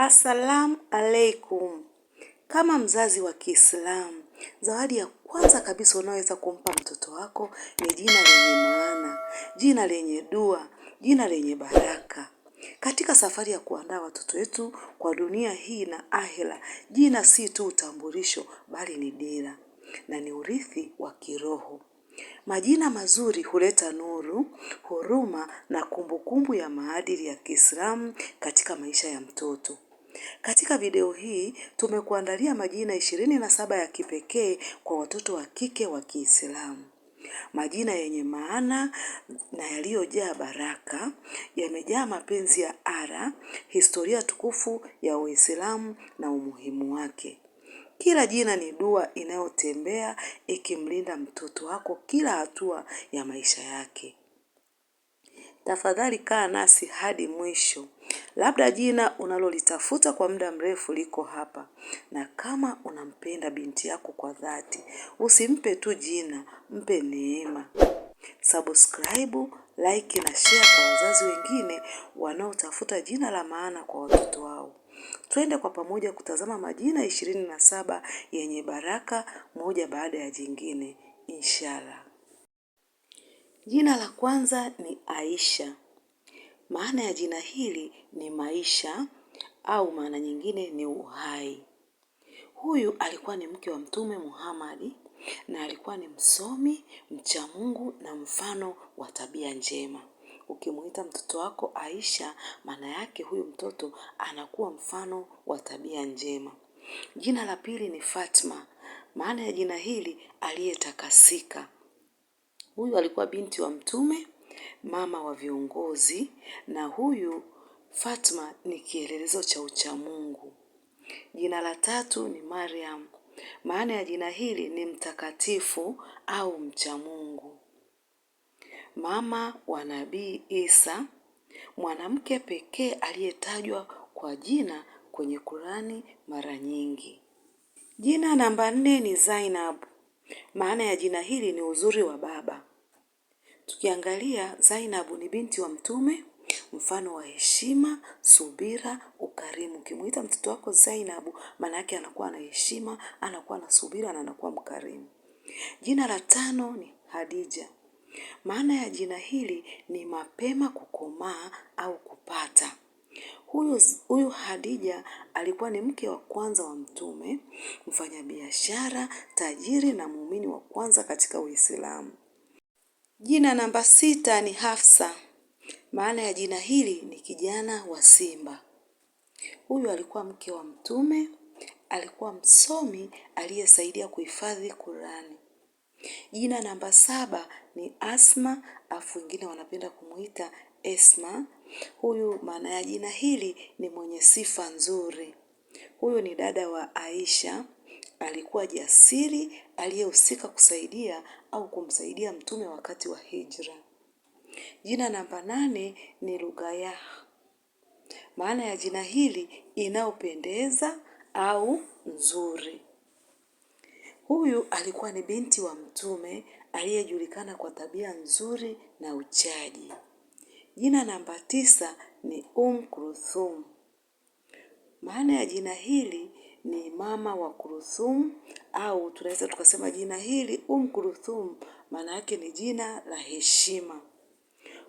Asalamu alaikum. Kama mzazi wa Kiislamu, zawadi ya kwanza kabisa unaoweza kumpa mtoto wako ni jina lenye maana, jina lenye dua, jina lenye baraka. Katika safari ya kuandaa watoto wetu kwa dunia hii na ahera, jina si tu utambulisho, bali ni dira na ni urithi wa kiroho. Majina mazuri huleta nuru, huruma na kumbukumbu ya maadili ya Kiislamu katika maisha ya mtoto. Katika video hii tumekuandalia majina ishirini na saba ya kipekee kwa watoto wa kike wa Kiislamu. Majina yenye maana na yaliyojaa baraka, yamejaa mapenzi ya ara, historia tukufu ya Uislamu na umuhimu wake. Kila jina ni dua inayotembea ikimlinda mtoto wako kila hatua ya maisha yake. Tafadhali kaa nasi hadi mwisho Labda jina unalolitafuta kwa muda mrefu liko hapa. Na kama unampenda binti yako kwa dhati, usimpe tu jina, mpe neema. Subscribe, like na share kwa wazazi wengine wanaotafuta jina la maana kwa watoto wao. Twende kwa pamoja kutazama majina ishirini na saba yenye baraka moja baada ya jingine. Inshallah. Jina la kwanza ni Aisha. Maana ya jina hili ni maisha au maana nyingine ni uhai. Huyu alikuwa ni mke wa Mtume Muhammad na alikuwa ni msomi, mcha Mungu na mfano wa tabia njema. Ukimuita mtoto wako Aisha, maana yake huyu mtoto anakuwa mfano wa tabia njema. Jina la pili ni Fatma. Maana ya jina hili aliyetakasika. Huyu alikuwa binti wa Mtume mama wa viongozi, na huyu Fatma ni kielelezo cha uchamungu. Jina la tatu ni Mariam. Maana ya jina hili ni mtakatifu au mchamungu, mama wa Nabii Isa, mwanamke pekee aliyetajwa kwa jina kwenye Kurani mara nyingi. Jina namba nne ni Zainab. Maana ya jina hili ni uzuri wa baba. Tukiangalia Zainabu ni binti wa Mtume, mfano wa heshima, subira, ukarimu. Ukimuita mtoto wako Zainabu, maana yake anakuwa na heshima, anakuwa na subira na anakuwa mkarimu. Jina la tano ni Hadija. Maana ya jina hili ni mapema kukomaa au kupata. Huyu, huyu Hadija alikuwa ni mke wa kwanza wa Mtume, mfanyabiashara, tajiri na muumini wa kwanza katika Uislamu. Jina namba sita ni Hafsa. Maana ya jina hili ni kijana wa simba. Huyu alikuwa mke wa Mtume, alikuwa msomi aliyesaidia kuhifadhi Qurani. Jina namba saba ni Asma, afu wengine wanapenda kumuita Esma. Huyu maana ya jina hili ni mwenye sifa nzuri. Huyu ni dada wa Aisha alikuwa jasiri aliyehusika kusaidia au kumsaidia mtume wakati wa hijra. Jina namba nane ni Lugayah. Maana ya jina hili inayopendeza au nzuri. Huyu alikuwa ni binti wa mtume aliyejulikana kwa tabia nzuri na uchaji. Jina namba tisa ni Um Kulthum. Maana ya jina hili ni mama wa Kuruthum au tunaweza tukasema jina hili Um Kuruthum maana yake ni jina la heshima.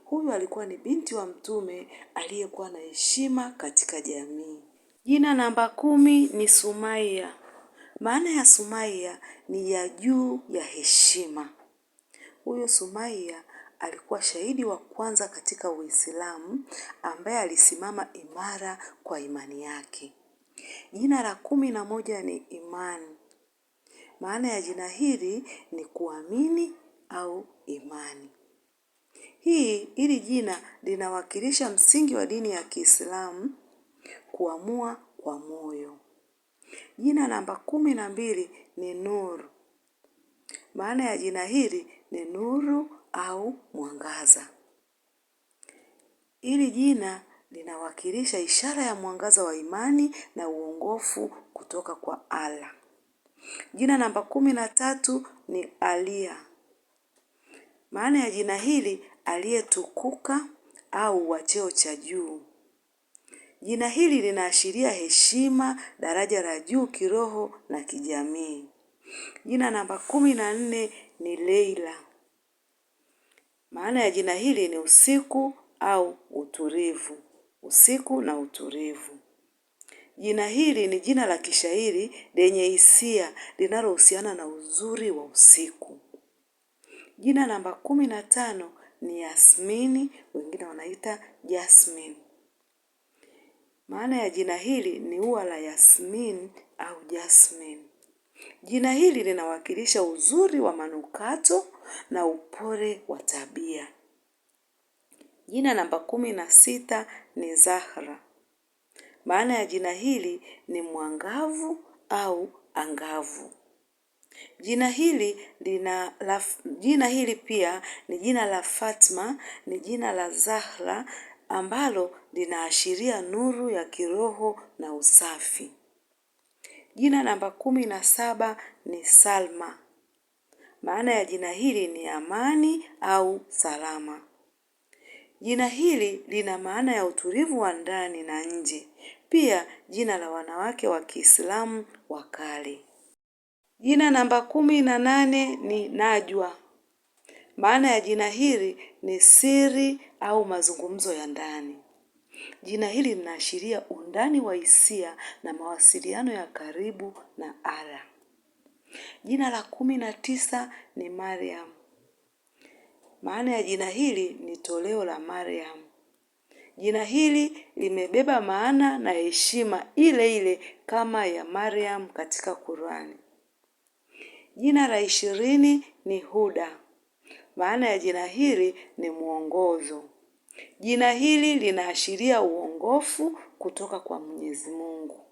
Huyu alikuwa ni binti wa Mtume aliyekuwa na heshima katika jamii. Jina namba kumi ni Sumaiya. Maana ya Sumaiya ni ya juu ya heshima. Huyu Sumaiya alikuwa shahidi wa kwanza katika Uislamu ambaye alisimama imara kwa imani yake. Jina la kumi na moja ni imani. Maana ya jina hili ni kuamini au imani. Hii hili jina linawakilisha msingi wa dini ya Kiislamu, kuamua kwa moyo. Jina namba kumi na mbili ni nuru. Maana ya jina hili ni nuru au mwangaza. Hili jina linawakilisha ishara ya mwangaza wa imani na uongofu kutoka kwa Allah. Jina namba kumi na tatu ni Alia. Maana ya jina hili aliyetukuka au wa cheo cha juu. Jina hili linaashiria heshima, daraja la juu kiroho na kijamii. Jina namba kumi na nne ni Leila. Maana ya jina hili ni usiku au utulivu usiku na utulivu. Jina hili ni jina la kishairi lenye hisia linalohusiana na uzuri wa usiku. Jina namba kumi na tano ni Yasmini, wengine wanaita Jasmine. Maana ya jina hili ni ua la Yasmin au Jasmine. Jina hili linawakilisha uzuri wa manukato na upole wa tabia. Jina namba kumi na sita ni Zahra. Maana ya jina hili ni mwangavu au angavu. Jina hili lina la, jina hili pia ni jina la Fatma, ni jina la Zahra ambalo linaashiria nuru ya kiroho na usafi. Jina namba kumi na saba ni Salma. Maana ya jina hili ni amani au salama. Jina hili lina maana ya utulivu wa ndani na nje, pia jina la wanawake wa Kiislamu wa kale. Jina namba kumi na nane ni Najwa. Maana ya jina hili ni siri au mazungumzo ya ndani. Jina hili linaashiria undani wa hisia na mawasiliano ya karibu na Allah. Jina la kumi na tisa ni Mariam. Maana ya jina hili ni toleo la mariam Jina hili limebeba maana na heshima ile ile kama ya mariam katika Qur'ani. Jina la ishirini ni Huda. Maana ya jina hili ni mwongozo. Jina hili linaashiria uongofu kutoka kwa Mwenyezi Mungu.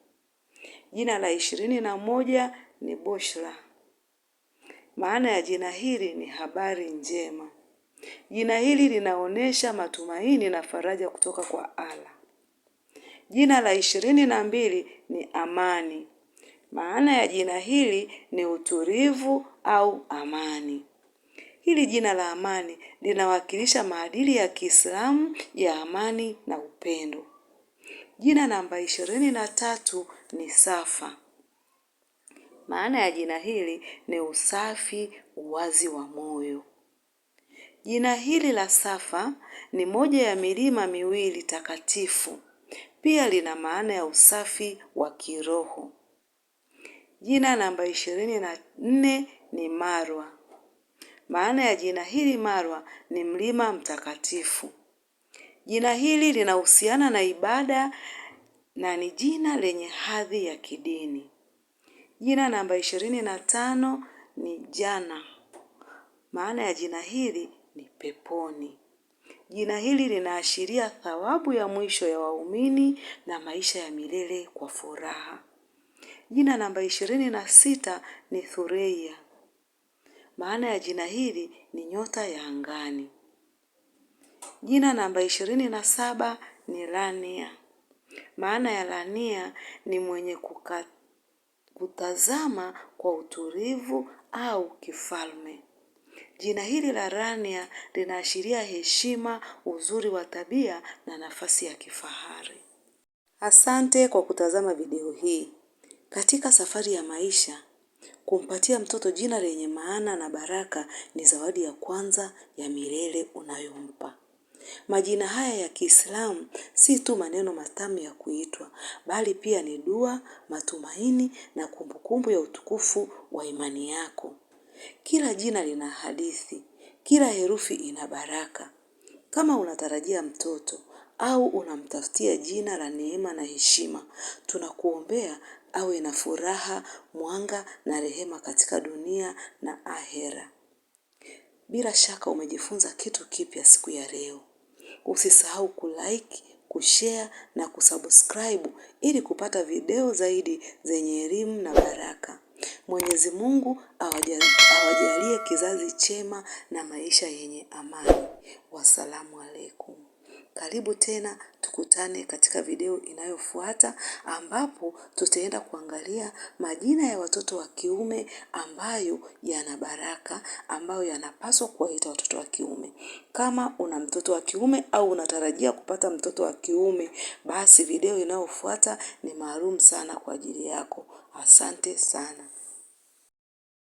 Jina la ishirini na moja ni Bushra. Maana ya jina hili ni habari njema. Jina hili linaonyesha matumaini na faraja kutoka kwa Allah. Jina la ishirini na mbili ni amani. Maana ya jina hili ni utulivu au amani. Hili jina la amani linawakilisha maadili ya Kiislamu ya amani na upendo. Jina namba ishirini na tatu ni Safa. Maana ya jina hili ni usafi, uwazi wa moyo. Jina hili la Safa ni moja ya milima miwili takatifu, pia lina maana ya usafi wa kiroho. Jina namba ishirini na nne ni Marwa. Maana ya jina hili Marwa ni mlima mtakatifu. Jina hili linahusiana na ibada na ni jina lenye hadhi ya kidini. Jina namba ishirini na tano ni Jana. Maana ya jina hili ni peponi. Jina hili linaashiria thawabu ya mwisho ya waumini na maisha ya milele kwa furaha. Jina namba ishirini na sita ni Thureia. Maana ya jina hili ni nyota ya angani. Jina namba ishirini na saba ni Lania. Maana ya Lania ni mwenye kuka, kutazama kwa utulivu au kifalme. Jina hili la Rania linaashiria heshima, uzuri wa tabia na nafasi ya kifahari. Asante kwa kutazama video hii. Katika safari ya maisha, kumpatia mtoto jina lenye maana na baraka ni zawadi ya kwanza ya milele unayompa. Majina haya ya Kiislamu si tu maneno matamu ya kuitwa, bali pia ni dua, matumaini na kumbukumbu ya utukufu wa imani yako. Kila jina lina hadithi, kila herufi ina baraka. Kama unatarajia mtoto au unamtafutia jina la neema na heshima, tunakuombea awe na furaha, mwanga na rehema katika dunia na ahera. Bila shaka umejifunza kitu kipya siku ya leo. Usisahau kulike, kushare na kusubscribe ili kupata video zaidi zenye elimu na baraka. Mwenyezi Mungu awajalie kizazi chema na maisha yenye amani. Wasalamu. Karibu tena tukutane katika video inayofuata ambapo tutaenda kuangalia majina ya watoto wa kiume ambayo yana baraka ambayo yanapaswa kuwaita watoto wa kiume. Kama una mtoto wa kiume au unatarajia kupata mtoto wa kiume, basi video inayofuata ni maalum sana kwa ajili yako. Asante sana.